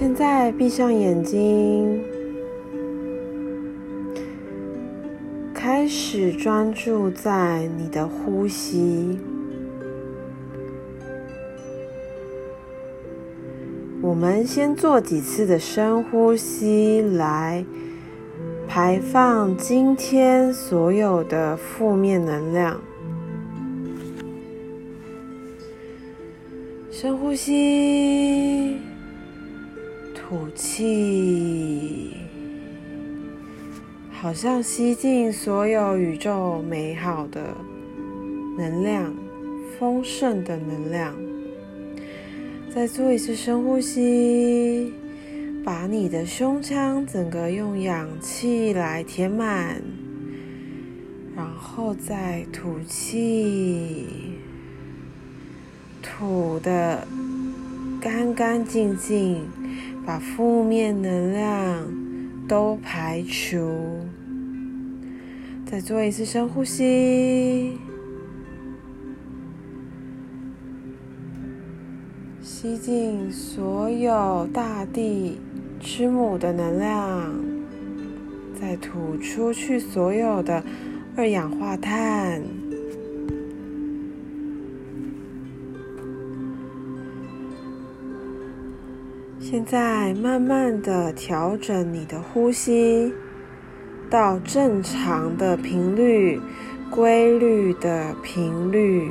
現在閉上眼睛，開始專注在你的呼吸。我們先做幾次的深呼吸，來排放今天所有的負面能量。深呼吸。吐氣，好像吸進所有宇宙美好的能量、豐盛的能量。再做一次深呼吸，把你的胸腔整個用氧氣來填滿，然後再吐氣，吐得乾乾淨淨。把負面能量都排除，再做一次深呼吸，吸進所有大地之母的能量，再吐出去所有的二氧化碳。現在慢慢的調整你的呼吸，到正常的頻率，規律的頻率。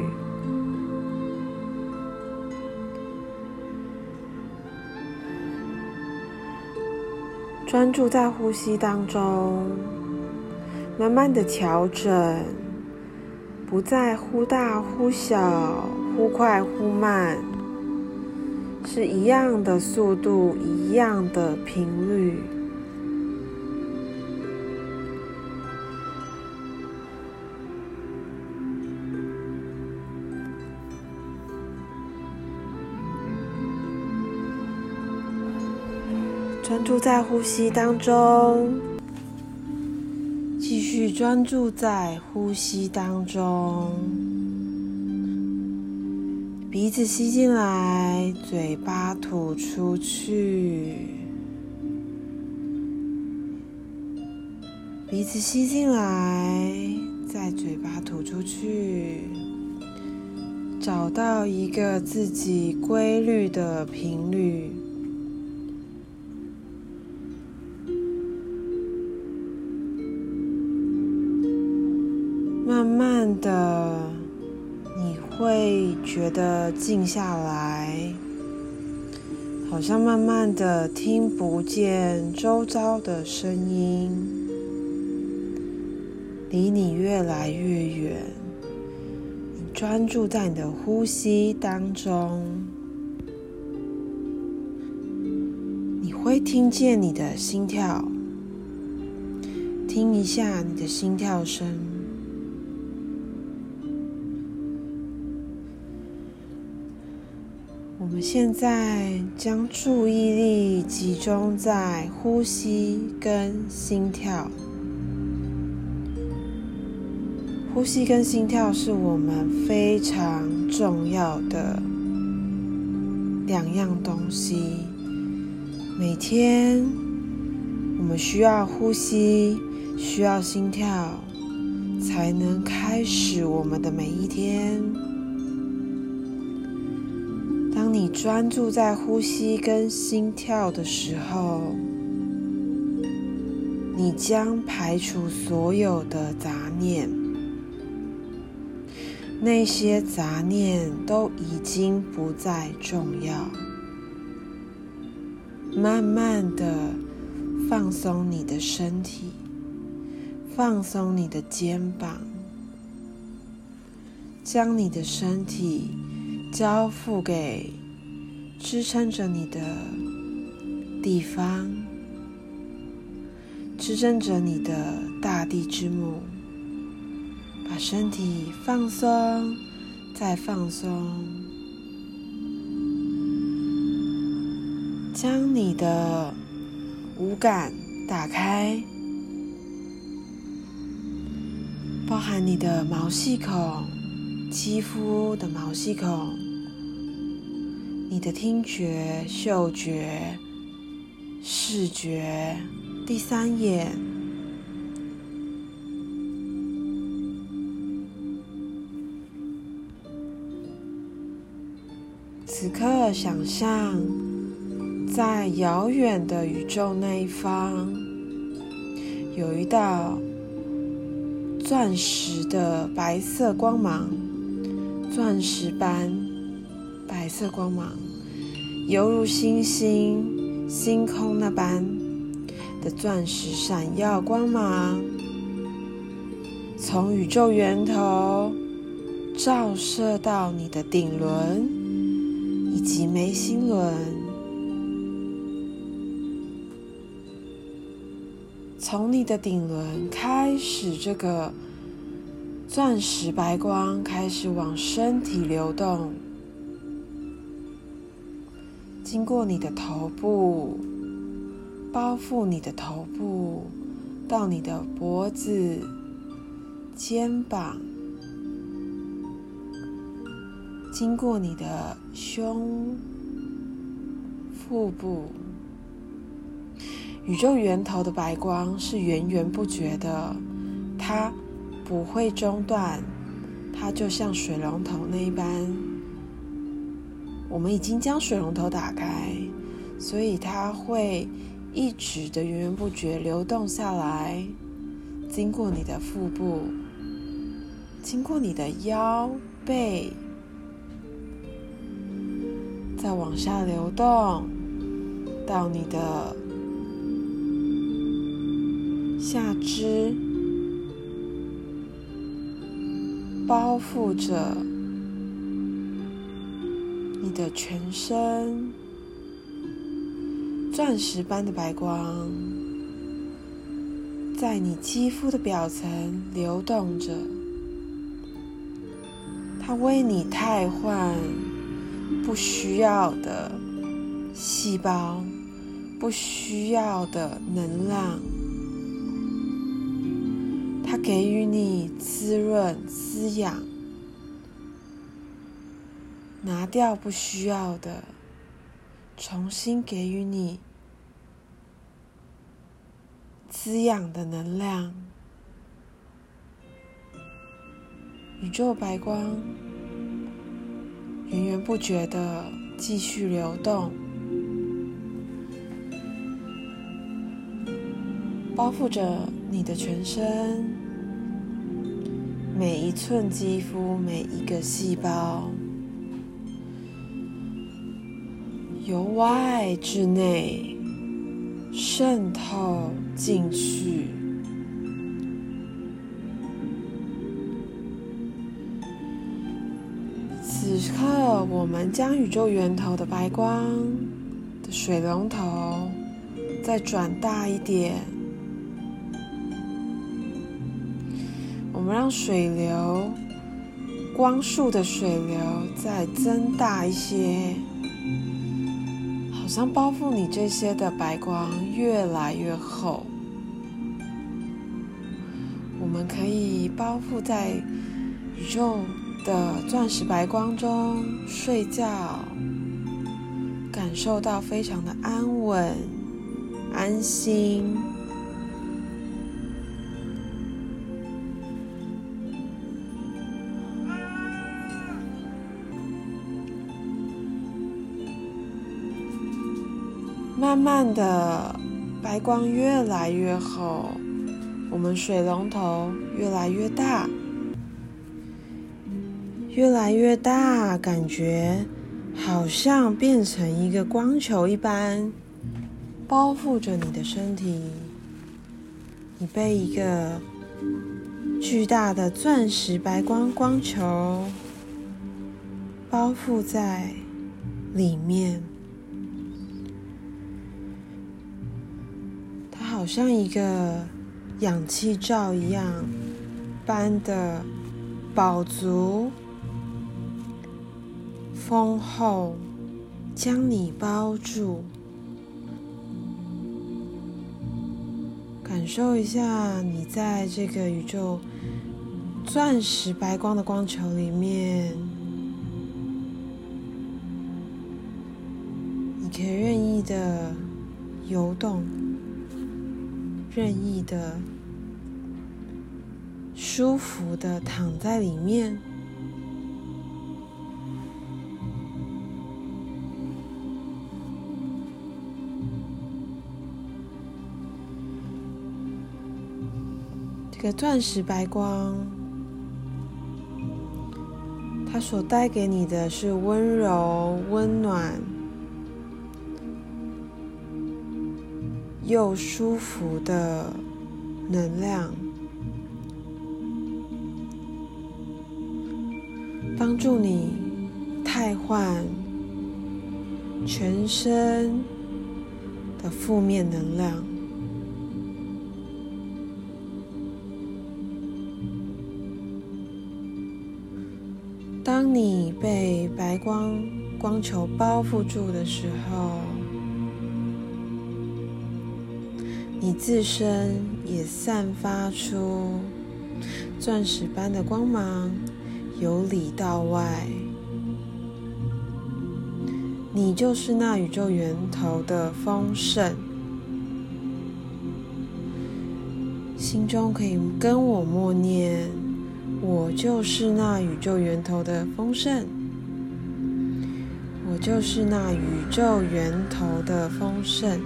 專注在呼吸當中，慢慢的調整，不再忽大忽小，忽快忽慢。是一樣的速度，一樣的頻率。專注在呼吸當中，繼續專注在呼吸當中。鼻子吸進來，嘴巴吐出去；鼻子吸進來，再嘴巴吐出去。找到一個自己規律的頻率，慢慢的。你會覺得靜下來，好像慢慢的聽不見周遭的聲音，離你越來越遠。你專注在你的呼吸當中，你會聽見你的心跳，聽一下你的心跳聲。我們現在將注意力集中在呼吸跟心跳。呼吸跟心跳是我們非常重要的兩樣東西。每天我們需要呼吸，需要心跳，才能開始我們的每一天。你專注在呼吸跟心跳的時候，你將排除所有的雜念，那些雜念都已經不再重要。慢慢的放鬆你的身體，放鬆你的肩膀，將你的身體交付給。支撐着你的地方，支撐着你的大地之母。把身體放鬆，再放鬆，將你的五感打開，包含你的毛細孔，肌膚的毛細孔。你的聽覺、嗅覺、視覺、第三眼，此刻想象，在遙遠的宇宙那一方，有一道鑽石的白色光芒，鑽石般。白色光芒，猶如星星、星空那般的鑽石閃耀光芒，從宇宙源頭照射到你的頂輪以及眉心輪。從你的頂輪開始，這個鑽石白光開始往身體流動。經過你的頭部，包覆你的頭部，到你的脖子、肩膀，經過你的胸、腹部，宇宙源頭的白光是源源不絕的，它不會中斷，它就像水龍頭那一般。我們已經將水龍頭打開，所以它會一直的源源不絕流動下來，經過你的腹部，經過你的腰背，再往下流動到你的下肢，包覆着。你的全身，鑽石般的白光，在你肌膚的表層流動着。它為你汰換不需要的細胞，不需要的能量。它給予你滋潤、滋養。拿掉不需要的，重新給予你滋養的能量。宇宙白光源源不絕地繼續流動，包覆着你的全身，每一寸肌膚，每一個細胞。由外至內滲透進去。此刻，我們將宇宙源頭的白光的水龍頭再轉大一點，我們讓水流，光束的水流再增大一些。好像包覆你這些的白光越來越厚，我們可以包覆在宇宙的鑽石白光中睡覺，感受到非常的安穩、安心。慢慢的，白光越來越厚，我們水龍頭越來越大，越來越大，感覺好像變成一個光球一般，包覆着你的身體，你被一個巨大的鑽石白光光球包覆在裡面。好像一個氧氣罩一樣般的飽足豐厚，將你包住，感受一下你在這個宇宙鑽石白光的光球裡面，你可以任意的游動，任意的、舒服的躺在裡面，這個鑽石白光，它所帶給你的是溫柔、溫暖。又舒服的能量，幫助你汰換全身的負面能量。當你被白光光球包覆住的時候，你自身也散發出鑽石般的光芒，由裡到外，你就是那宇宙源頭的豐盛。心中可以跟我默念：我就是那宇宙源頭的豐盛，我就是那宇宙源頭的豐盛。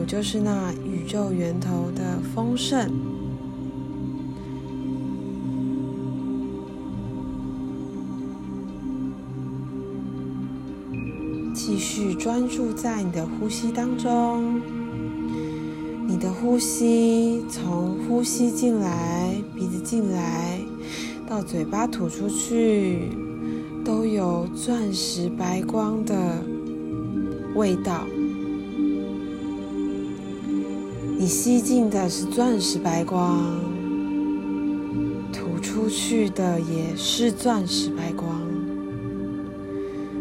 我就是那宇宙源頭的豐盛。繼續專注在你的呼吸當中，你的呼吸從呼吸進來，鼻子進來，到嘴巴吐出去，都有鑽石白光的味道。你吸進的是鑽石白光，吐出去的也是鑽石白光。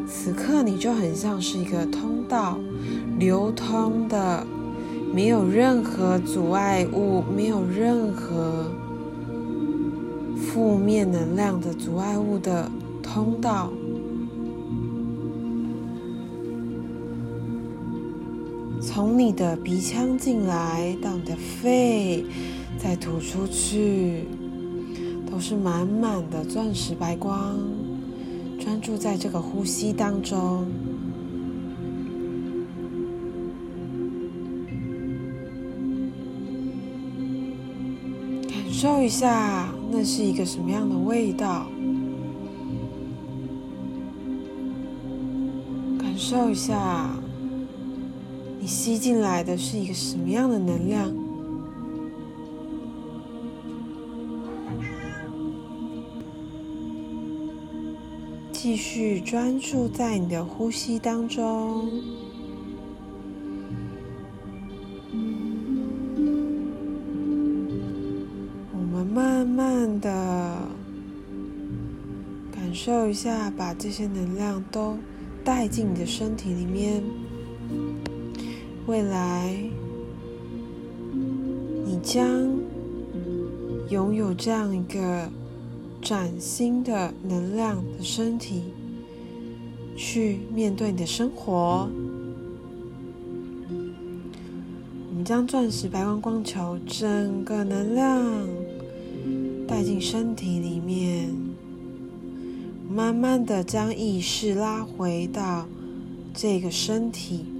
此刻你就很像是一個通道，流通的，沒有任何阻礙物，沒有任何負面能量的阻礙物的通道。從你的鼻腔進來，到你的肺，再吐出去，都是滿滿的鑽石白光，專注在這個呼吸當中。感受一下，那是一個什麼樣的味道？感受一下。吸進來的是一個什麼樣的能量？繼續專注在你的呼吸當中。我們慢慢的感受一下，把這些能量都帶進你的身體裡面。未來，你將擁有這樣一個嶄新的能量的身體去面對你的生活。我們將鑽石白光光球整個能量帶進身體裡面，慢慢的將意識拉回到這個身體。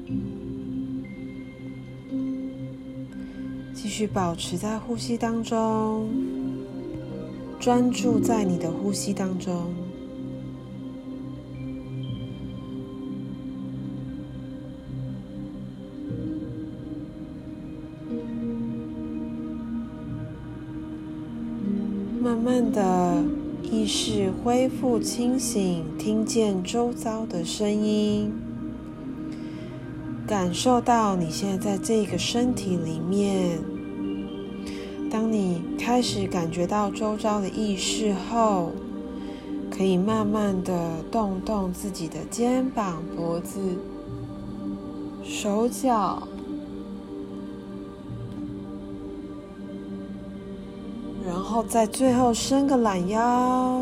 去保持在呼吸當中，專注在你的呼吸當中。慢慢的意識恢復清醒，聽見周遭的聲音，感受到你現在在這個身體裡面。當你開始感覺到周遭的意識後，可以慢慢的動動自己的肩膀、脖子、手腳，然後在最後伸個懶腰。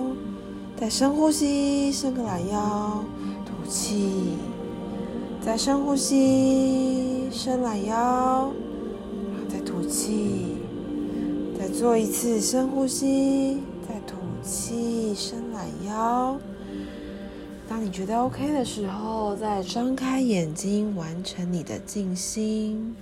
再深呼吸，伸個懶腰，吐氣；再深呼吸，伸懶腰，然後再吐氣。做一次深呼吸，再吐氣，伸懶腰。當你覺得 OK 的時候，再張開眼睛，完成你的靜心。